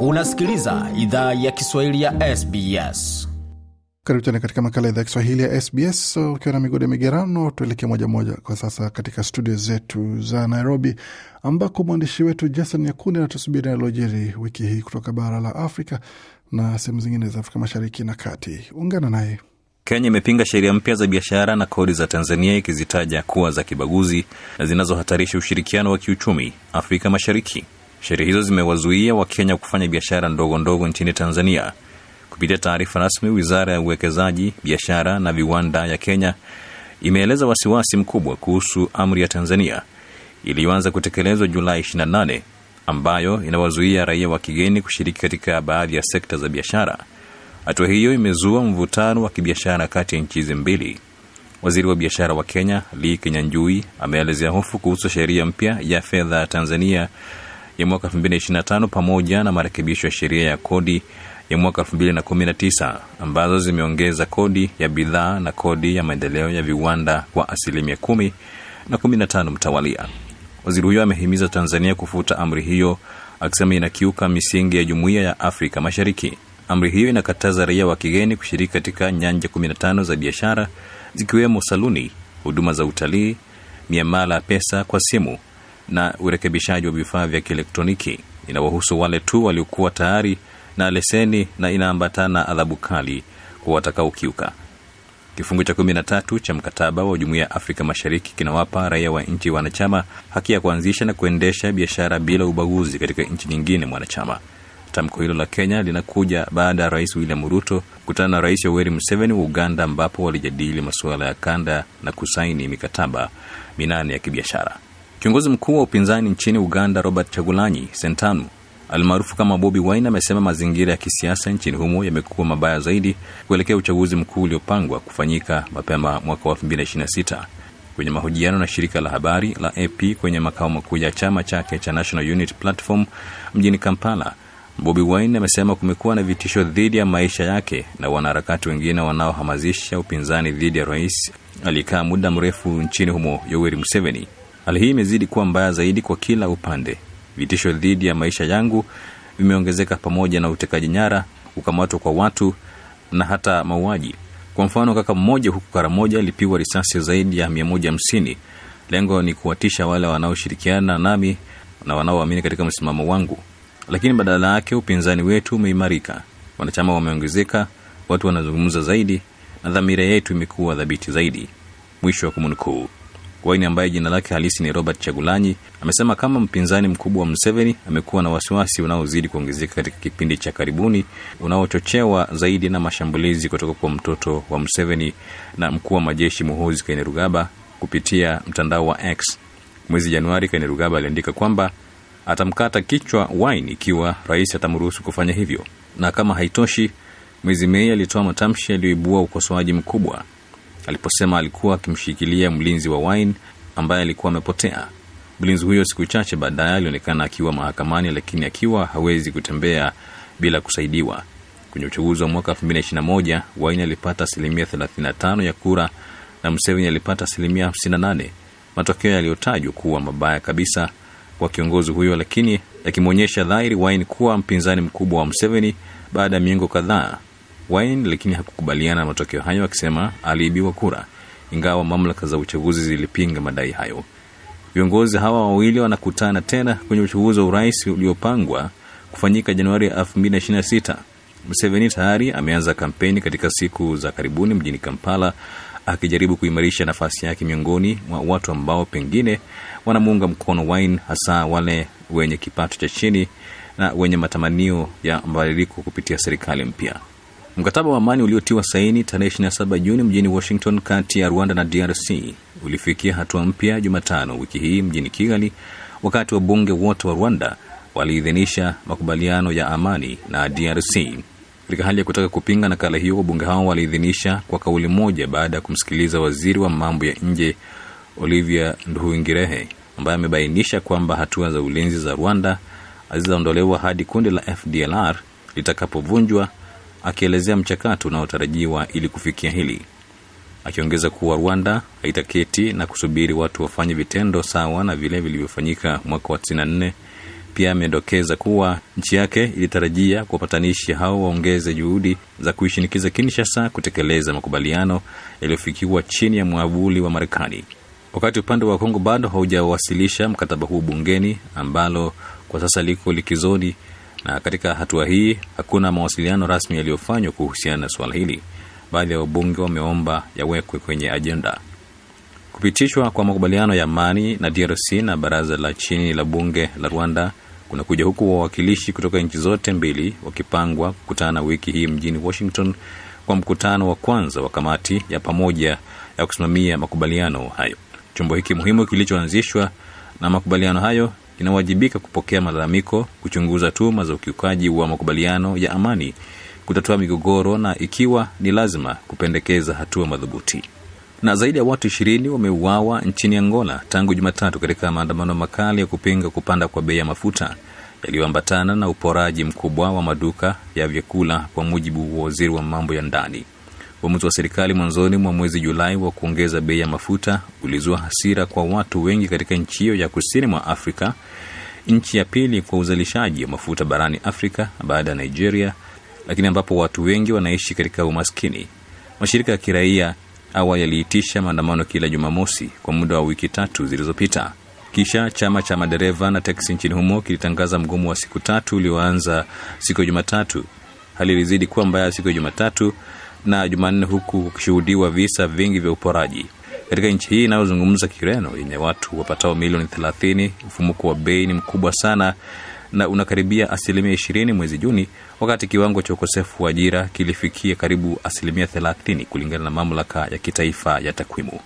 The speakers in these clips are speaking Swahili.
Unasikiliza idhaa ya Kiswahili ya SBS. Karibu tena katika makala idhaa ya Kiswahili ya SBS ukiwa na migode migerano. Tuelekee moja moja kwa sasa katika studio zetu za Nairobi, ambako mwandishi wetu Jason Nyakundi anatusubiri alojeri wiki hii kutoka bara la Afrika na sehemu zingine za Afrika mashariki na kati. Ungana naye. Kenya imepinga sheria mpya za biashara na kodi za Tanzania ikizitaja kuwa za kibaguzi na zinazohatarisha ushirikiano wa kiuchumi Afrika Mashariki. Sheria hizo zimewazuia Wakenya kufanya biashara ndogo ndogo nchini Tanzania. Kupitia taarifa rasmi, wizara ya uwekezaji, biashara na viwanda ya Kenya imeeleza wasiwasi mkubwa kuhusu amri ya Tanzania iliyoanza kutekelezwa Julai 28 ambayo inawazuia raia wa kigeni kushiriki katika baadhi ya sekta za biashara. Hatua hiyo imezua mvutano wa kibiashara kati ya nchi hizi mbili. Waziri wa biashara wa Kenya Lee Kinyanjui ameelezea hofu kuhusu sheria mpya ya fedha ya Tanzania ya mwaka 2025 pamoja na marekebisho ya sheria ya kodi ya mwaka 2019 ambazo zimeongeza kodi ya bidhaa na kodi ya maendeleo ya viwanda kwa asilimia 10 na 15 mtawalia. Waziri huyo amehimiza Tanzania kufuta amri hiyo akisema inakiuka misingi ya Jumuiya ya Afrika Mashariki. Amri hiyo inakataza raia wa kigeni kushiriki katika nyanja 15 za biashara zikiwemo saluni, huduma za utalii, miamala ya pesa kwa simu, na urekebishaji wa vifaa vya kielektroniki inawahusu wale tu waliokuwa tayari na leseni na inaambatana adhabu kali kwa watakaokiuka kifungu cha 13 cha mkataba wa jumuiya ya afrika mashariki kinawapa raia wa nchi wanachama haki ya kuanzisha na kuendesha biashara bila ubaguzi katika nchi nyingine mwanachama tamko hilo la kenya linakuja baada ya rais william ruto kutana na rais yoweri museveni wa uganda ambapo walijadili masuala ya kanda na kusaini mikataba minane ya kibiashara Kiongozi mkuu wa upinzani nchini Uganda Robert Chagulanyi Sentanu almaarufu kama Bobi Wine amesema mazingira ya kisiasa nchini humo yamekuwa mabaya zaidi kuelekea uchaguzi mkuu uliopangwa kufanyika mapema mwaka wa 2026. Kwenye mahojiano na shirika la habari la AP kwenye makao makuu ya chama chake cha National Unity Platform mjini Kampala, Bobi Wine amesema kumekuwa na vitisho dhidi ya maisha yake na wanaharakati wengine wanaohamasisha upinzani dhidi ya rais aliyekaa muda mrefu nchini humo Yoweri Museveni. Hali hii imezidi kuwa mbaya zaidi kwa kila upande. Vitisho dhidi ya maisha yangu vimeongezeka pamoja na utekaji nyara, kukamatwa kwa watu na hata mauaji. Kwa mfano, kaka mmoja huku Karamoja alipigwa risasi zaidi ya mia moja hamsini. Lengo ni kuwatisha wale wanaoshirikiana nami na wanaoamini katika msimamo wangu, lakini badala yake upinzani wetu umeimarika, wanachama wameongezeka, watu wanazungumza zaidi na dhamira yetu imekuwa dhabiti zaidi. Mwisho wa kumnukuu. Waini ambaye jina lake halisi ni Robert Chagulanyi amesema kama mpinzani mkubwa wa Museveni amekuwa na wasiwasi unaozidi kuongezeka katika kipindi cha karibuni unaochochewa zaidi na mashambulizi kutoka kwa mtoto wa Museveni na mkuu wa majeshi Muhoozi Kainerugaba kupitia mtandao wa X. Mwezi Januari, Kainerugaba aliandika kwamba atamkata kichwa Waini ikiwa rais atamruhusu kufanya hivyo, na kama haitoshi, mwezi Mei alitoa matamshi yaliyoibua ukosoaji mkubwa aliposema alikuwa akimshikilia mlinzi wa Wine ambaye alikuwa amepotea. Mlinzi huyo siku chache baadaye alionekana akiwa mahakamani, lakini akiwa hawezi kutembea bila kusaidiwa. Kwenye uchaguzi wa mwaka 2021 Wine alipata asilimia 35 ya kura na Museveni alipata asilimia 58, matokeo yaliyotajwa kuwa mabaya kabisa kwa kiongozi huyo, lakini yakimwonyesha dhahiri Wine kuwa mpinzani mkubwa wa Museveni baada ya miongo kadhaa Wayne lakini hakukubaliana na matokeo hayo akisema aliibiwa kura, ingawa mamlaka za uchaguzi zilipinga madai hayo. Viongozi hawa wawili wanakutana tena kwenye uchaguzi wa urais uliopangwa kufanyika Januari 2026. Museveni tayari ameanza kampeni katika siku za karibuni mjini Kampala akijaribu kuimarisha nafasi yake miongoni mwa watu ambao pengine wanamuunga mkono Wine, hasa wale wenye kipato cha chini na wenye matamanio ya mabadiliko kupitia serikali mpya. Mkataba wa amani uliotiwa saini tarehe 27 Juni mjini Washington kati ya Rwanda na DRC ulifikia hatua mpya Jumatano wiki hii mjini Kigali, wakati wabunge wote wa Rwanda waliidhinisha makubaliano ya amani na DRC. Katika hali ya kutaka kupinga nakala hiyo, wabunge hao waliidhinisha kwa kauli moja baada ya kumsikiliza waziri wa mambo ya nje Olivia Nduhungirehe ambaye amebainisha kwamba hatua za ulinzi za Rwanda hazitaondolewa hadi kundi la FDLR litakapovunjwa akielezea mchakato unaotarajiwa ili kufikia hili akiongeza kuwa rwanda haitaketi na kusubiri watu wafanye vitendo sawa na vile vilivyofanyika mwaka wa 94 pia amedokeza kuwa nchi yake ilitarajia kuwapatanishi hao waongeze juhudi za kuishinikiza kinshasa kutekeleza makubaliano yaliyofikiwa chini ya mwavuli wa marekani wakati upande wa kongo bado haujawasilisha mkataba huu bungeni ambalo kwa sasa liko likizoni na katika hatua hii hakuna mawasiliano rasmi yaliyofanywa kuhusiana na suala hili. Baadhi ya wabunge wameomba yawekwe kwenye ajenda. Kupitishwa kwa makubaliano ya amani na DRC na baraza la chini la bunge la Rwanda kunakuja huku wawakilishi kutoka nchi zote mbili wakipangwa kukutana wiki hii mjini Washington kwa mkutano wa kwanza wa kamati ya pamoja ya kusimamia makubaliano hayo. Chombo hiki muhimu kilichoanzishwa na makubaliano hayo inawajibika kupokea malalamiko, kuchunguza tuma za ukiukaji wa makubaliano ya amani, kutatua migogoro na ikiwa ni lazima kupendekeza hatua madhubuti. Na zaidi ya watu ishirini wameuawa nchini Angola tangu Jumatatu katika maandamano makali ya kupinga kupanda kwa bei ya mafuta yaliyoambatana na uporaji mkubwa wa maduka ya vyakula, kwa mujibu wa waziri wa mambo ya ndani. Uamuzi wa serikali mwanzoni mwa mwezi Julai wa kuongeza bei ya mafuta ulizua hasira kwa watu wengi katika nchi hiyo ya kusini mwa Afrika, nchi ya pili kwa uzalishaji wa mafuta barani Afrika baada ya Nigeria, lakini ambapo watu wengi wanaishi katika umaskini. Mashirika ya kiraia awa yaliitisha maandamano kila Jumamosi kwa muda wa wiki tatu zilizopita. Kisha chama cha madereva na teksi nchini humo kilitangaza mgomo wa siku tatu ulioanza siku ya Jumatatu. Hali ilizidi kuwa mbaya siku ya Jumatatu na Jumanne, huku kukishuhudiwa visa vingi vya uporaji katika nchi hii inayozungumza Kireno yenye watu wapatao milioni 30. Mfumuko wa bei ni mkubwa sana na unakaribia asilimia 20 mwezi Juni, wakati kiwango cha ukosefu wa ajira kilifikia karibu asilimia 30 kulingana na mamlaka ya kitaifa ya takwimu.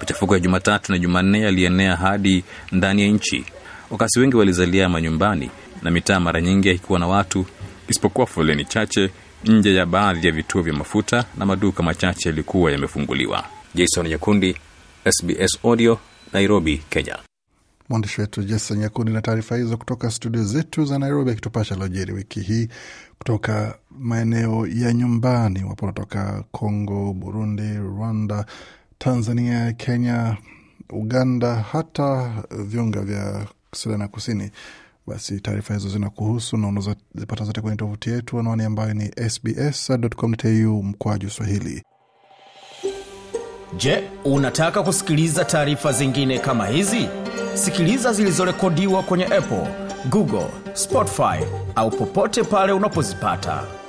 Machafuko ya Jumatatu na Jumanne yalienea hadi ndani ya nchi. Wakazi wengi walizalia manyumbani na mitaa mara nyingi haikuwa na watu isipokuwa foleni chache nje ya baadhi ya vituo vya mafuta na maduka machache yalikuwa yamefunguliwa. Jason Nyakundi, SBS Audio, Nairobi, Kenya. Mwandishi wetu Jason Nyakundi na taarifa hizo kutoka studio zetu za Nairobi, akitupasha lojeri wiki hii kutoka maeneo ya nyumbani, wapo natoka Congo, Burundi, Rwanda, Tanzania, Kenya, Uganda, hata viunga vya Sudan ya Kusini basi taarifa hizo zinakuhusu na unazozipata zote kwenye tovuti yetu, anwani ambayo ni sbs.com.au mkwaju swahili. Je, unataka kusikiliza taarifa zingine kama hizi? Sikiliza zilizorekodiwa kwenye Apple, Google, Spotify au popote pale unapozipata.